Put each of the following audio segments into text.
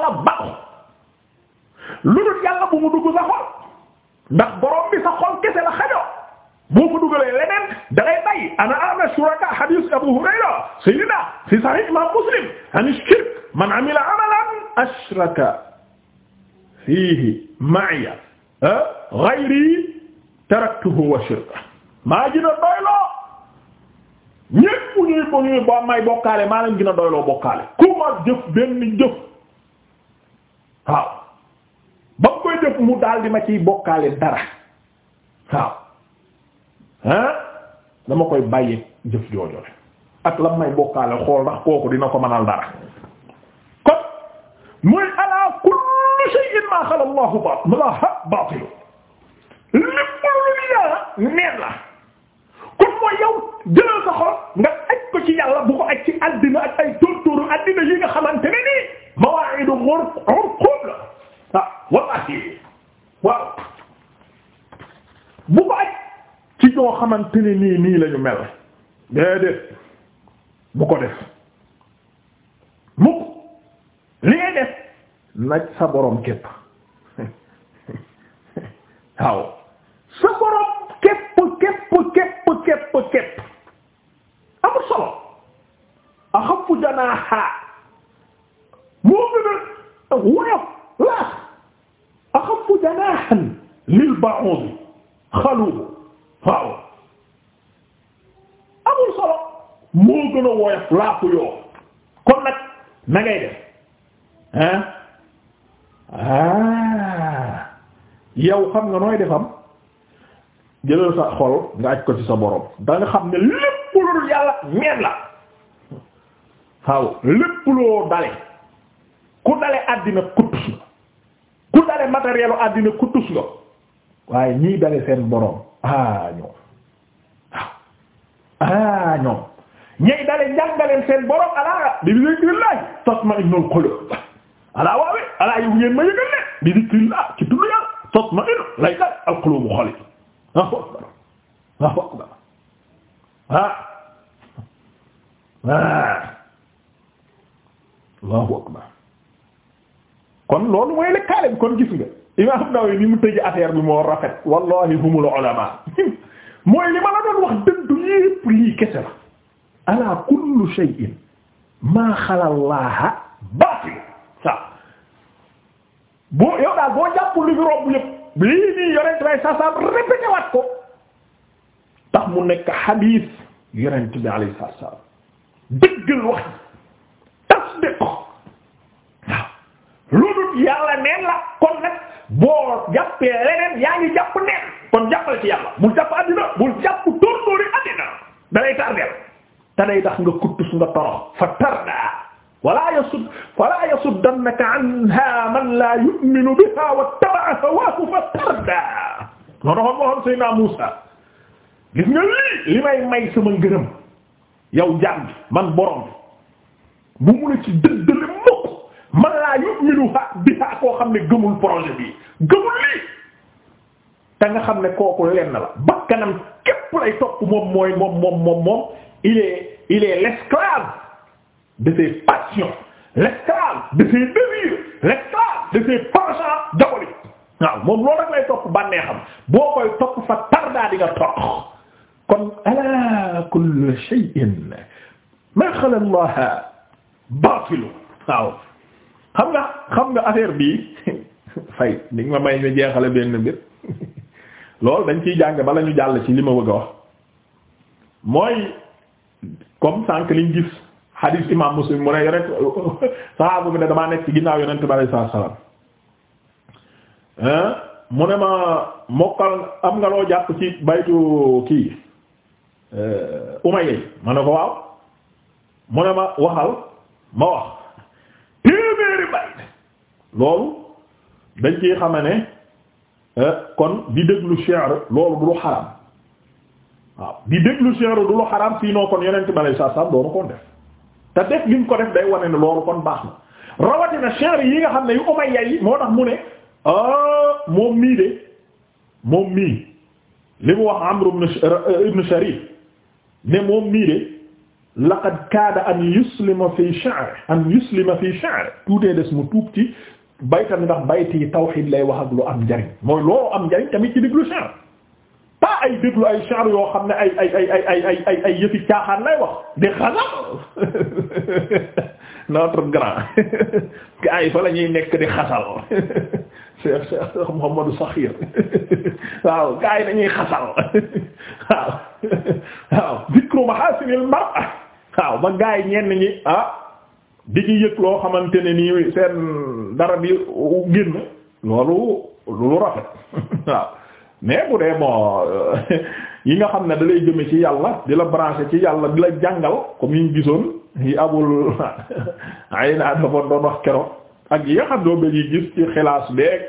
yàlla ba lu dul yàlla bu mu dugg sa xol ndax bi sa xol kese la xajo boo ko dugalee leneen da ngay ana ana shuraka Abu Hurayra sayyidina fi sahih imam Muslim an shirk man amila amalan ashraka fiihi ma'iya ghayri taraktuhu wa shirka maa gën a ba may bokkaale maa leen gën a ku ma jëf benn jëf waaw ba mu koy def mu daal di ma ciy bokkaale dara waaw ah dama koy bàyyi jëf joojo rek ak lam may bokkaale xool ndax kooku dina ko mënal dara kon mooy ala kullu shay'in ma xala Allahu batil la ha batil lépp lu yàlla neen la kon mooy yow jëlal sa xol nga aj ko ci yàlla bu ko aj ci àddina ak ay tóortóoru àddina yi nga xamante ne nii mawaa'idu ghurq ah wallahi waaw bu ko aj ci ñoo xamante ne nii nii lañu mel déedéet bu ko def mukk li ngay def sa borom képp waaw sa borom képp képp képp képp képp amul solo axafu janaaha moo gën a woyof laa janahan lil ba'udi xalubu waaw amul solo moo gën a woyof laafu yoo kon nag na def ah ah yow xam nga nooy defam jëlal sa xol nga aj ko ci sa borom da xam ne lépp lu yàlla meen la waaw lépp loo dale ku dale àddina kuttus na ku dale matériel u àddina ku tus nga waaye ñii dale seen borom ah ñoom ah ñoom ñay dale njàngaleen seen borom ala bi zikrillah tatma'innul qulub ala waawe ma yëgal lay dal al qulubu xol yi waaw waaw waaw ah ah Allahu akbar kon loolu mooy lëkkaale bi kon gis nga Imam Nawawi ni mu tëj affaire bi moo rafet wallahi humul ulama mooy li ma la doon wax dëddu yépp lii kese la ala kullu shay'in maa xalallaaha baatil waaw boo yow daal boo jàpp lu fi romb yépp lii nii yonent bay saasaam répété waat ko tax mu nekk xadiis yonent bi alayhi salaam dëggal wax tasdiq yàlla neen la kon nag boo jàppee leneen yaa ngi jàpp neen kon jàppal ci yàlla bul jàpp àddina bul jàpp tóortóori àddina da lay tardeel te day tax nga kuttus nga torox fa tarda wala yasud wala yasuddannaka anha man la yu'minu biha wattaba'a hawahu fa tarda moo taxoon waxoon Seydina Muusaa gis nga lii li may may sama ngërëm yow jaam bi man borom bi bu mu la ci dëdd man laa yu'minu biha koo xam ne gëmul projet bi gëmul lii te nga xam ne kooku lenn la bakkanam képp lay topp moom mooy moom moom moom moom il est fa tardaa di kon ala kullu shay'in ma xala Allah baatilu waaw xam nga xam nga affaire bii fay ni nga ma may ñu jeexale benn mbir loolu dañ ciy jànge bala ñu jàll ci li ma bëgg a wax mooy comme sànq liñ gis hadith imam muslim mu ne yonent sahaaba bi ne damaa nekk ginnaaw yonent bi alayhi salaam mu ne ma mokkal am nga loo jàpp ci baytu kii euh, Umayya ma ne ko waaw mu ne ma waxal ma wax téeméeri bayt loolu dañ ciy xama ne euh, kon di déglu shi'r loolu du lu xaram waaw di déglu shi'r du lu xaram sinon kon yonent ma lay saa saa doonu def te def li ko def day wane ne loolu kon baax na rawatina shi'r yi nga xam ne yu Umayya yi moo tax mu ne ah, moom mii de moom mii li mu wax Amr ibn Sharif ne moom mii de laqad kaada an yuslima fi sha'r an yuslima fi sha'r tuutee des mu tuub ci baytam ndax bayt yi tawxiid lay wax ak am njariñ mooy loo am njariñ tamit ci déglu sha'r pas ay déglu ay sha'r yoo xam ne ay ay ay ay ay ay ay yëfi caaxaan lay wax di xasal notre grand gars yi fa nekk di xasal Cheikh Cheikh Mouhamadou Sakhir waaw gaa yi dañuy xasal waaw waaw zikru mahasinil mar'a waaw ba gaa yi ñenn ñi ah di ci yëg loo xamante ne nii seen dara bi génn loolu lu rafet waaw mais bu dee bon euh, yi nga xam ne da lay jëme ci yàlla di la branché ci yàlla di la jàngal comme yi ñu gisoon yi abul ay naa dafa doon wax keroog ak yi nga xam doo bëgg yi gis ci xilaas beeg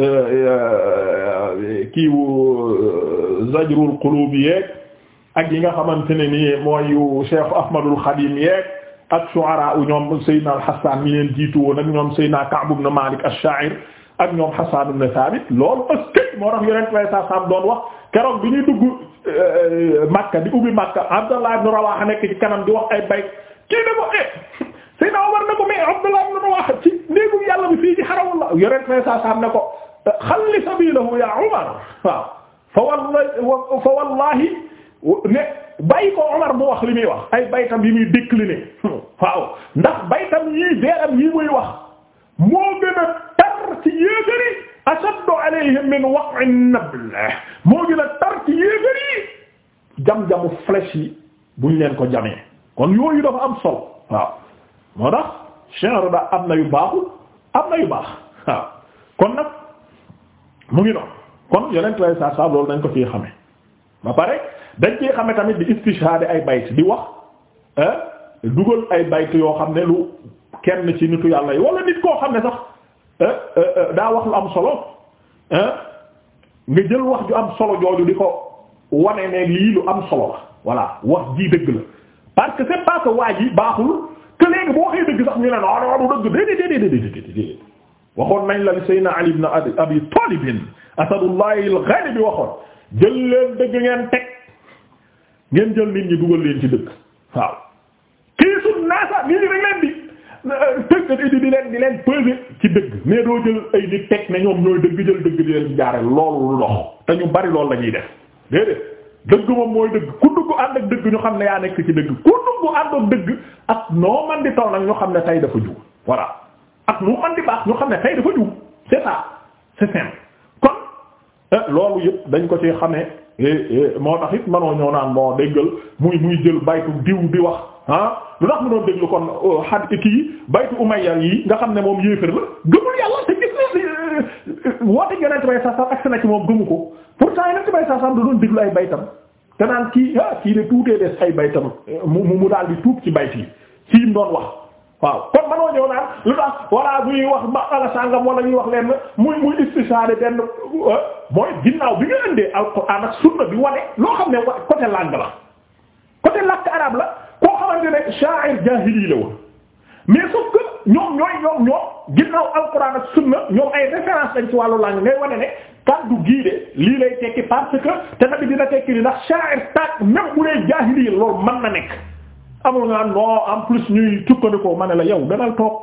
euh, euh, kiiwu euh, zajrul qulub yeeg ak yi nga xamante ne nii mooy yu Cheikh Ahmadul Xadim yeeg ak shu'ara u ñoom Seydina al-Hassan jiitu woon ak ñoom Seydina Ka'b ibn Malik ash-Sha'ir ak ñoom Hassan ibn Thabit loolu ëskëj moo tax yeneen way sa sam doon wax keroog bi ñuy dugg Makka di ubbi Makka Abdallah ibn Rawaha nekk kanam di wax ay bay kii ne ko eh, Seydina Omar ne ko mais Abdullah ibn Rawah ci néegum yàlla bi fii ci xarawalla yorent na saa saam ne ko xalli sabilahu ya Omar waaw fa walla fa wallahi ne bàyyi ko Omar mu wax li muy wax ay baytam yi muy décliné waaw ndax baytam yi deeram yi muy wax moo gën a tar ci yéegëri ashaddu alayhim min waq'i nabl moo gën a tar ci yéegëri jam-jamu flèche yi buñ leen ko jamee kon yooyu dafa am solo waaw moo tax chenre da am na yu baaxul am na yu baax waaw kon nag mu ngi noonu kon yeneen lay sa sa loolu dañ ko ciy xame ba pare dañ ciy xame tamit di istishhad ay bayt di wax eh, dugal ay bayt yoo xam ne lu kenn ci nitu yàlla yi wala nit koo xam ne sax eh, eh, daa wax lu am solo nga jël wax ju am solo jooju di ko wane ne lii lu am solo la voilà wax ji dëgg la parce que c'est pas que waa baaxul te léegi boo xëy dëgg sax ñu ne non non du waxoon nañ la li Seydina Ali ibn Abi Talib asadullahi waxoon jël leen dëgg ngeen teg ngeen jël nit ñi dugal leen ci dëgg waaw. kii sut naasa nit ñi dañ leen di tëgg di leen di leen peser ci dëgg mais doo jël ay nit teg ne ñoom ñooy dëgg jël dëgg di leen jaare loolu loxo te ñu bari loolu la ñuy def dëgg moom mooy dëgg ku dugg ànd dëgg ñu xam ne yaa nekk ci dëgg ku dugg ànd ak dëgg ak noo man di taw nag ñu xam ne tey dafa jug voilà ak nu man di baax ñu xam ne tey dafa jug c'est ça c'est eh, dañ ko ci xamee eh, eh, moo tax it manoo ñëw naan moo déggal muy muy jël baytu diw di wax ah lu tax mu doon déglu kon xad kii yi nga xam ne moom yéefér la gëmul yàlla na ci moom gëmu ko pourtant yeneen bay sax sax doon déglu ay baytam te naan kii ah kii de tuutee des ay baytam mu mu daal di tuub ci bayt yi kii mu doon wax waaw kon manoo ñëw naan lu tax walla bu ñuy wax masala sàngam wala ñuy wax leen euh, mooy ginnaaw bi nga indee alxuraan ak sunna bi wane loo xam ne côté langue la côté làkk arabe la koo xamante ne sha'ir jaahili la woon mais sauf que ñoom ñooy ñoom ñoom ginnaaw alxuraan ak sunna ñoom ay référence lañ ci wàllu langue ngay wane ne kaddu gii de lii lay tekki parce que te tamit dina tekki li ndax sha'ir tak même bu dee jaahili loolu mën na nekk amul nga non en plus ñuy tukkandikoo ma ne la yow demal toog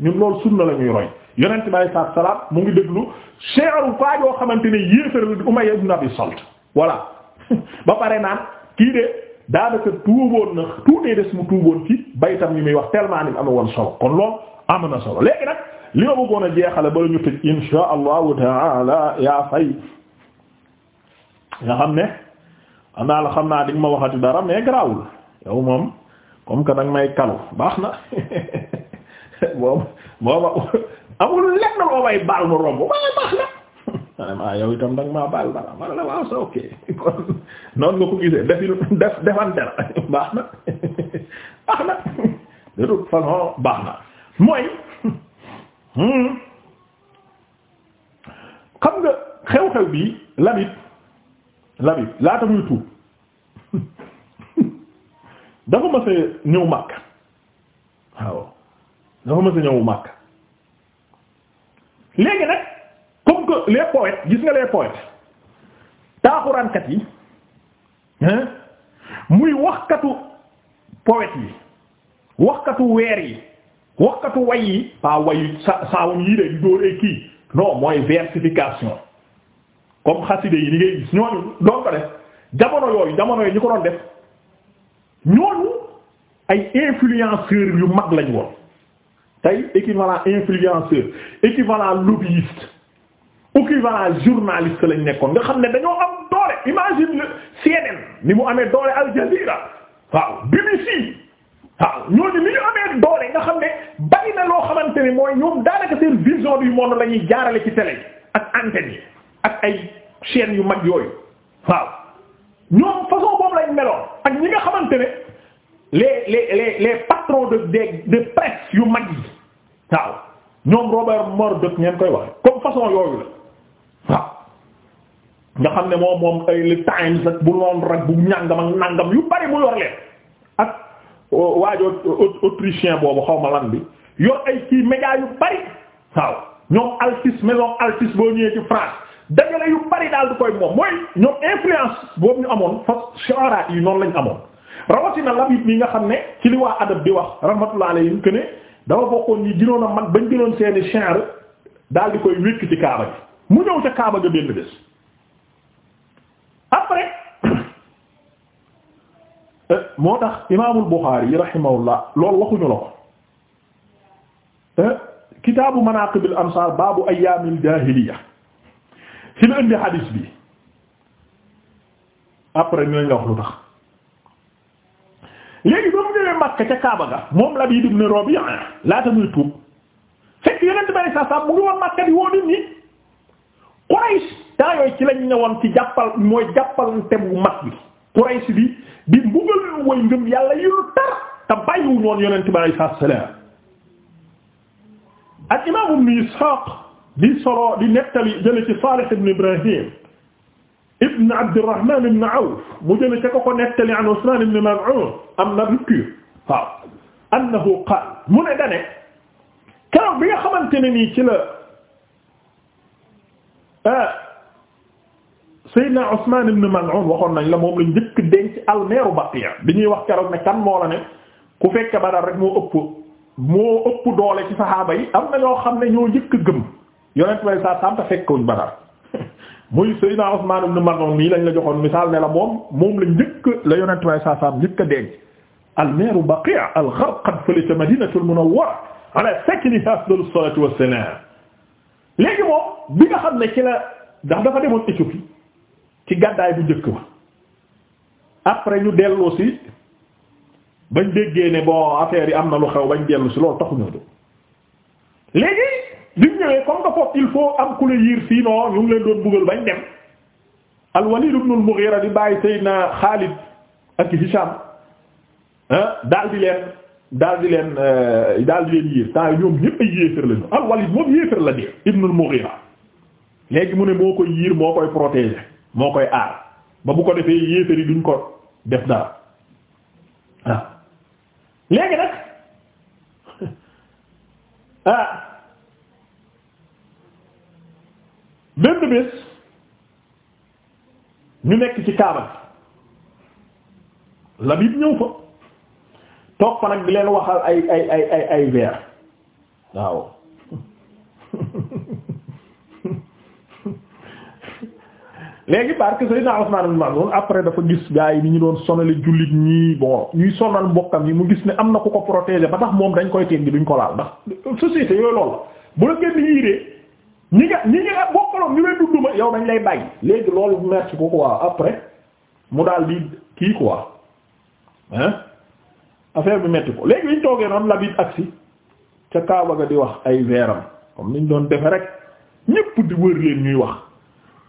ñun loolu sunna la ñuy roy yonent bi alayhi salaatu mu ngi déglu sheeru faa yoo xamante ne yéefar la di Umayya ibn Abi Salt voilà ba pare naan kii de daanaka tuuboon na mu tuuboon ci baytam yi muy wax tellement ni mu woon solo kon loolu am na solo léegi nag li ma bëggoon a jeexale bala ñu tëj insha allahu taala yaa fay nga xam ne am naa la xam naa di nga ma waxati dara mais garaawul yow moom comme que danga may kalu baax na moom moom amul baax na vraiment ah, yow itam danga maa baal dara ma la waaw c'est ok kon noonu ko gisee defil def defante la baax na baax na de toute façon baax na mooy. Hmm. xam nga xew-xew bi labit labit laata muy tuub dafa mës a ñëw Makka waaw dafa mës a ñëw léegi nag comme que les poètes gis nga les poètes taaxuraankat yi hein muy waxkatu poètes yi waxkatu weer yi waxkatu way yi paa way sa saawuñ yii de dóoree kii non mooy versification comme xaside yi ni ngay gis ñooñu doon ko def jamono yooyu jamono yooyu ñu ko doon def ñooñu ay influenceurs yu mag lañ woon tey équivalent influenceur équivalent lobbyiste équivalent journaliste lañ nekkoon nga xam ne dañoo am doole imagine le CNN ni mu amee doole Al Jazeera waaw BBC waaw ñooñu li ñu doole nga xam ne bari na loo xamante ni mooy ñoom daanaka seen vision du monde la ñuy jaarale ci télé ak antenne yi ak ay chaînes yu mag yooyu waaw ñoom façon boobu lañ meloon ak ñi nga xamante ne les les les les patrons de des de presse yu mag yi waaw ñoom Robert Murdoch ngeen koy wax comme yooyu la xam ne moom moom ay le Times ak bu Londres ak bu ñàngam ak nàngam yu bari mu yor leen. waajo autrichien boobu xaw ma lan bi yoon ay kii média yu bari waaw ñoom Altice maison Altice boo ñëwee ci France dajale yu bari daal du koy moom mooy ñoom influence boobu ñu amoon fa shi'ara yi noonu lañ amoon rawatina Labid mi nga xam ne ci li waa adab di wax rahmatullah alayhi que ne dafa bokkoon ñi gënoon a man bañ gënoon seeni shi'r daal di koy wékk ci kaaba gi mu ñëw ca kaaba ga benn bés moo tax imaamul Buxaari rahimahullah loolu waxuñu la ko kitaabu manaaqibil ansaar baabu ayyaamil jaahiliya fi mu indi hadis bi après ñu la wax lu tax léegi ba mu ñëwee Makka ca Kaaba ga moom Labiid ibn Rabi'a laata muy tuub fekk Yonent bi saa saa mu ngi woon Makka di woo nit ñi Quraysh taa yooyu ci lañ ñëwoon ci jàppal mooy jàppalante bu mag bi Quraysh bi. di mbugal way ngëm yàlla yu tar te bàyyiwu ñoon yonent bi alayhi salaatu salaam ak imaam ibnu Isxaaq di solo di nettali jële ci Saalih ibn Ibrahim ibn Abdurrahman ibn Awf mu jële ca ko ko nettali an Usmaan ibn Maz'un am na rupture waaw annahu qaal mu ne dane keroog bi nga xamante ne nii ci la ah, Seydina Usman ibn Mal'un waxoon nañ la moom lañ njëkk denc almeeru Baqiya bi ñuy wax keroog ne kan moo la ne ku fekke Badar rek moo ëpp mu ëpp doole ci saxaaba yi am na ñoo xam ne ñoo njëkk gëm yonent a sa santa fekkewuñ Badar muy Seydina Usman ibn Mal'un nii lañ la joxoon misaal ne la moom moom lañ njëkk la yonent way sa sam njëkk a denc almeeru Baqiya al-Gharqad fële ca Madinatul Munawwara ala sakiniha afdalu salaatu wassalaam léegi moom bi nga xam ne ci la ndax dafa demoon Éthiopie ci gàddaay bu njëkk ba après ñu delloo si bañ déggee ne bon affaire yi am na lu xew bañ dellu si loolu taxuñoo do léegi bi ñëwee comme que foofu il faut am ku la yiir sinon ñu leen doon buggal bañ dem al-Walid mughira di bàyyi Seydina Xaalid ak Hisham ah, daal di leen daal di leen euh, yiir temps ñoom ñépp ay yéefar lañu al-Walid moom yéefar la dee ibn mughira léegi mu ne moo koy yiir moo koy protéger moo koy aar ba bu ko defee yéefari duñ ko def dara waaw léegi nag ah benn bés ñu nekk ci la Labid ñëw ko toog fa nag di leen waxal ay ay ay ay ay weer waaw léegi parce que Seydina Usman ibn Maz'un après dafa gis gars yi ni ñu doon sonale jullit ñi boo ñuy sonal mbokkam yi mu gis ne am na ku ko protéger ba tax moom dañ koy teggi duñ ko laal ndax société yooyu loolu la bu la kenn ñi yiree ñi nga ñi nga bokkaloon ñu lay dunduma yow dañ lay bàyyi léegi loolu merci ko quoi après mu daal di kii quoi hein affaire bi metti ko léegi liñ toogee noonu labit si ca Kaaba ga di wax ay weeram comme niñ doon defe rek ñépp di ñuy wax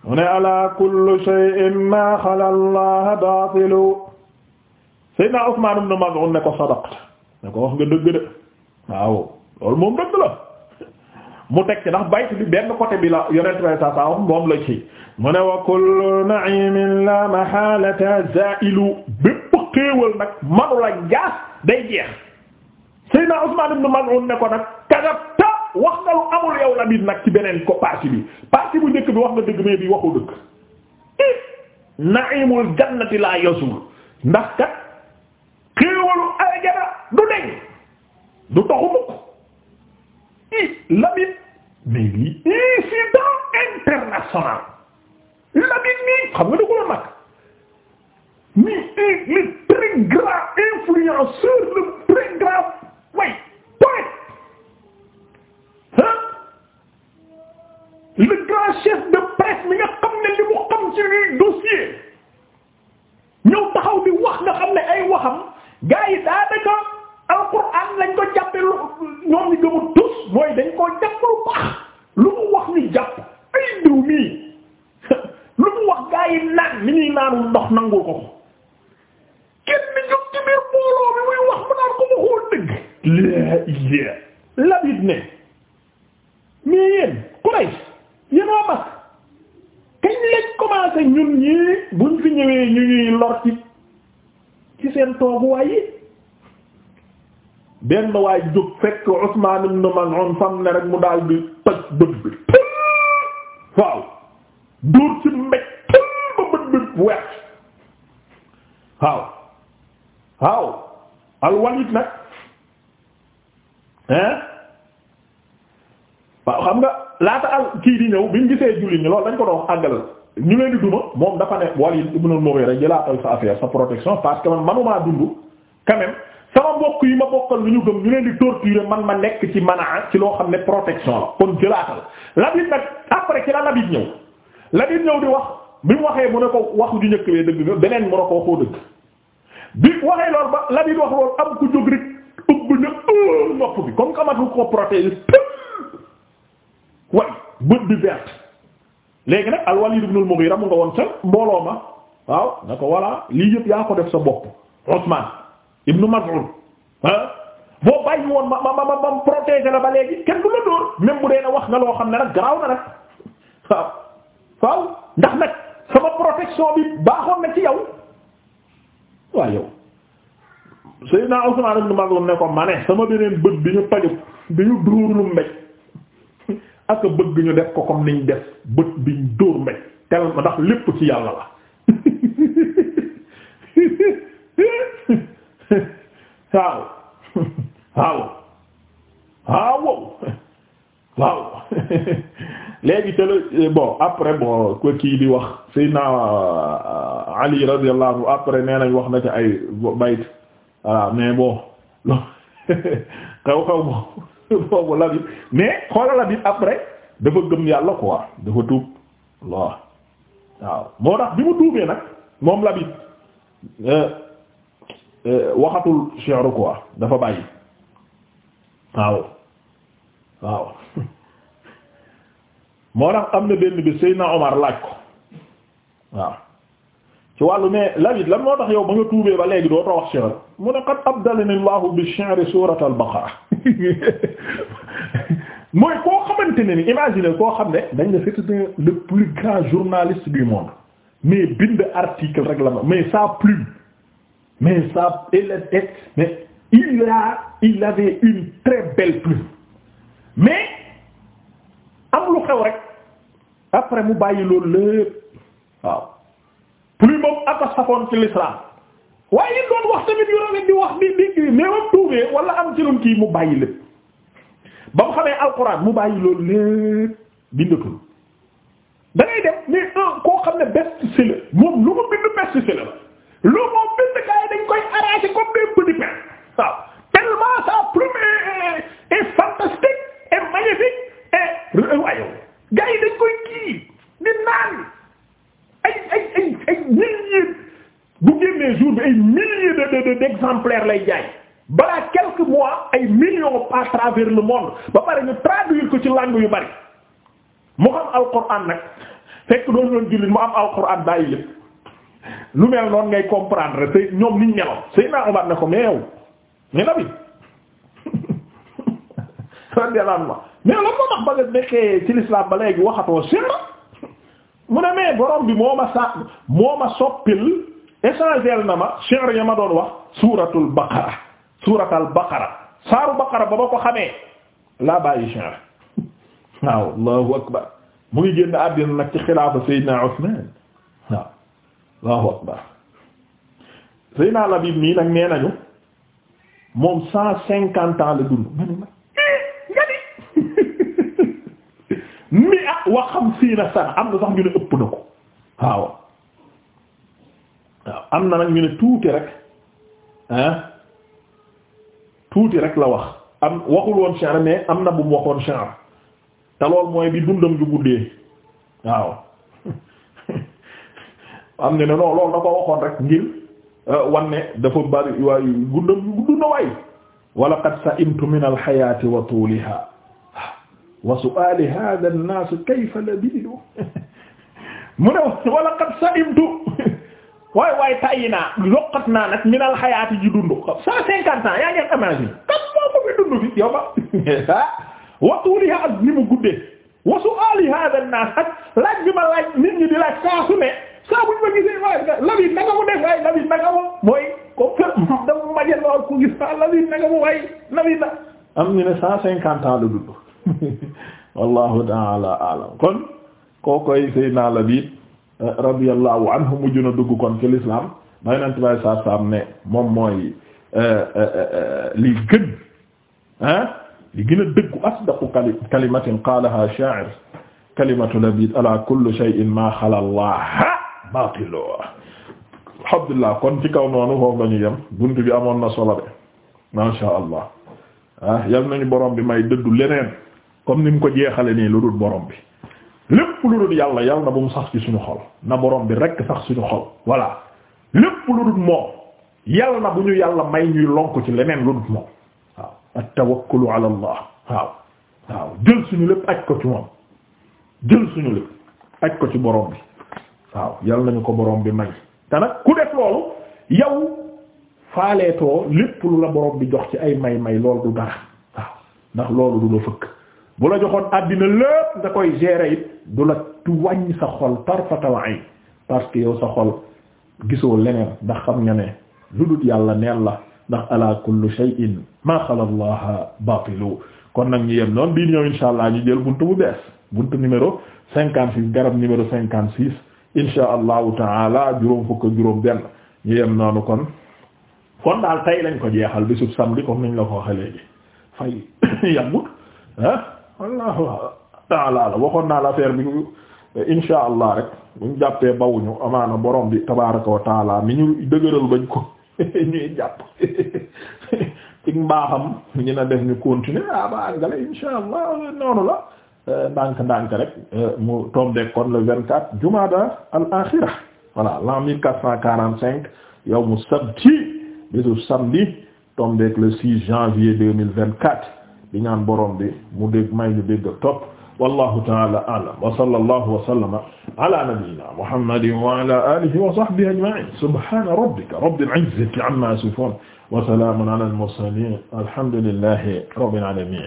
mu ne ala kullu shay'in ma xala allah baatilu Seydina Usmaan ibn Maz'un ne ko sadaqta ne ko wax nga dëgg de waaw loolu moom dëgg la mu teg ci ndax bayt bi benn côté bi la yonent bi saa saa wax moom la ci mu ne wa kullu na'imin la mahalata za'ilu bépp xéewal nag manu la jaas day jeex Seydina Usmaan ibn Maz'un ne ko nag wax nga amul yow Labid nag ci beneen ko partie bi partie bu njëkk bi wax nga dëgg mais bi waxu dëgg na'imul jannati la yazul ndax kat xéewalu aljana du deñ du taxu mukk i Labid mais lii incident international Labid nii xam nga da ko la mag mi influenceur le très way poète le grand de presse mi nga xam ne li mu xam ci dossier ñëw taxaw di wax nga xam ne ay waxam gars yi daanaka alquran lañ ko jàppe lu ñoom ñu dañ koo jàpp lu mu wax ñu jàpp ay diw mii lu mu wax gars yi naan ni ñuy naanul ndox nangu ko kenn ni jóg ci biir mi muy wax mu naan ko mu dëgg laa ilaa labit ne mais yéen Quraysh yénoo mag kañ lañ commencé ñun ñii buñ fi ñëwee ñu ñuy lor ci ci seen tooguwaay yi benn waay jóg fekk Usman ibn Maz'un fam ne rek mu daal di toj bët bi waaw dóor ci mbéj ba bët bi wet waaw waaw al Walid nag hein waaw xam nga laata al kii di ñëw bi mu gisee julli ñi loolu dañ ko doon àggal ñu leen di duma moom dafa ne Walid ibn al-Mughira jëlaatal sa affaire sa protection parce que man manumaa dund quand sama mbokk yi ma bokkal lu ñu gëm ñu leen di torturer man ma nekk ci manaa ci loo xam ne protection la kon jëlaatal Labid nag après ci la Labid ñëw Labid ñëw di wax bi mu waxee mu ne ko waxu ju njëkk lee dëgg beneen mu ne ko waxoo dëgg bi waxee loolu ba Labid wax loolu am ku jóg rek ëbb ko protéger bët bi vert léegi nag al-Walid ibn al-Mughira mu nga woon ca mbooloo ma waaw na ko voilà lii yëpp yaa ko def sa bopp Usman ibn Mas'ud ah boo bàyyi woon ma ma ma ma ma protéger la ba léegi kenn du la dóor même bu dee na wax nga loo xam ne nag garaaw na nag waaw waaw ndax nag sama protection bi baaxoon na ci yow waaw yow Seydina Usman ibn Mas'ud ne ko ma ne sama beneen bët bi ñu paju bi ñu dóor lu mbéj aka bëgg ñu def ko comme niñ def bët biñ dóor mbéj tel ndax lépp ci yàlla la waaw waaw waaw waaw léegi te la bon après bon ko kii di wax Seydina euh, Ali radiyallahu anhu après nee nañ wax na te ay bayt voilà mais bon xew xew moom boobu Labid mais xoola Labid après dafa gëm yàlla quoi dafa tuub waaw waaw moo tax bi mu tuubee nag moom Labid euh, euh, waxatul shi'ru quoi dafa bàyyi waaw waaw moo tax am na benn bi Seydina Omar laaj ko waaw ci wàllu mais Labid lan moo tax yow ba nga tuubee ba léegi doo ta wax shi'r mu ne qad abdalani Allahu bi shi'r surat al-Baqara mooy koo xamante ne ni imagine koo xam ne dañ ne c'était le plus grand journaliste du monde mais bind article rek la ma sa plume mais sa ll mais il a il avait une très belle plume mais am lu xew rek après mu bàyyi loolu lépp pluie moom ak a safoon ci waaye it doon wax tamit yu rafet di wax di di mais ba tuubee wala am ci kii mu bàyyi lépp ba mu xamee alquran mu bàyyi loolu lépp bindatul da ngay dem mais un koo xam ne best seller moom lu ko bind best seller la exemplaires lay jaay balaa quelque mois ay millions à travers le monde ba pare ñu traduire ko ci langue yu bari mu xam alquran nag fekk doon doon jullit mu am alquran bàyyi lépp lu mel noonu ngay comprendre te ñoom niñ meloon Seydina Omar ne ko mais yow mais nabi radiyallahu moo tax ba nga nekkee ci l'islam ba léegi waxatoo sirra mu ne mais borom bi moo ma sa moo ma soppil échangel na ma shi'r ya ma doon wax suuratul baqara suuratul baqara baqara ba ma xamee laa bàyyi shi'r waaw allahu akbar mu ngi génn àddina nag ci xilaafa Seydina Usmaan waaw allahu akbar Seydina Labiid moom cent cinquante ans la ma eh, ni ma mi a wa xamsiina sana ko waaw waaw am na nag ñu ne tuuti rek ah tuuti rek la wax am waxul woon sha'r mais am na bu mu waxoon sha'r te lool mooy bi dundam ju guddee waaw am na ne non da ko waxoon rek ngir euh, wan dafa bari waaye guddam gudd na waay wala qad sa'imtu min al-hayati wa tuliha wa su'ali hadha an-nas kayfa labidu mu ne wala qad sa'imtu waay waay tàyyi naa yokkat naa nag minal xayaati ji dund cent cinquante ans yaa ngeen imagine kat moo ko fi dund fi yow ba wa tuuliha ak ni mu guddee wa su'ali hada an-nas ak laaj bi ma laaj nit ñi di laaj saa su ne saa buñ ma gisee waaye labit nanga mu def waaye labit nanga mu mooy ko kër dama maje lool ku gis a ah, labit nanga mu waaye labit na am ñu ne cent cinquante ans la dund wallahu ta'ala a'lam kon koo koy sëy naa labit radiyallahu anhu mujj na dugg kon ci l'islam ba yonent bi saa saam ne moom mooy euh, euh, euh, li gën ah li gën a dëggu asdaqu kali kalimatin qaalaha sha'ir kalimatu Labiid ala kulli shay'in maa xalaa Allaha kon ci kaw noonu foofu la ñu yem bunt bi amoon na solo ma sha Allah ah yal nañu borom bi may dëddu leneen comme ni mu ko jeexale nii lu dul borom bi lépp lu dul yàlla yàlla na bu mu sax ci suñu xol na borom bi rekk sax suñu xol voilà lépp lu dul moom yàlla na bu ñu yàlla may ñuy lonk ci leneen lu dul moom waaw at allah waaw waaw jël suñu lépp aj ko ci moom jël suñu lépp aj ko ci borom bi waaw yàlla nañu ko borom bi may te nag ku def loolu yow faaleetoo lépp lu la borom bi jox ci ay may may loolu du dara waaw ndax loolu du la fëkk bu la joxoon àddina lépp nga koy gérer it du la tu wàññi sa xol tarfatal ayn parce que yow sa xol gisoo leneen ndax xam nga ne lu dul yàlla neen la ndax ala kullu shay'in ma xala allaha batilu kon nag ñu yem noonu bii ñëw insha allah ñu jël buntu bu bees buntu numéro cinquante six garab numéro cinquante six insha allahu taala juróom fukk juróom benn ñu yem noonu kon kon daal tay lañ ko jeexal bisub samedi comme niñ la ko waxee léegi fay yàggut ah wallahu waxoon naa la affaire bi insha allah rek buñ jàppee bawuñu amaana borom bi tabaraka wa taala mi ñu dëgëral bañ ko ñuy jàpp ci mbaaxam ñu na def ñu continuer ah ba àggale insha allah noonu la euh, ndànk ndànk rek euh, mu tombe kon le vingt quatre jumada al axira voilà mille quatre cent quarante cinq yow mu sabti bisu samedi tombe le janvier deux mille vingt quatre di ñaan borom bi mu dégg may ñu dégg topp wallahu ta'ala a'lam wa sallallahu wa sallama ala nabiyyina muhammadin wa ala alihi wa sahbihi ajma'in subhana rabbika rabbil izzati amma yasifun wa salamun ala al mursalin alhamdulillahi rabbil alamin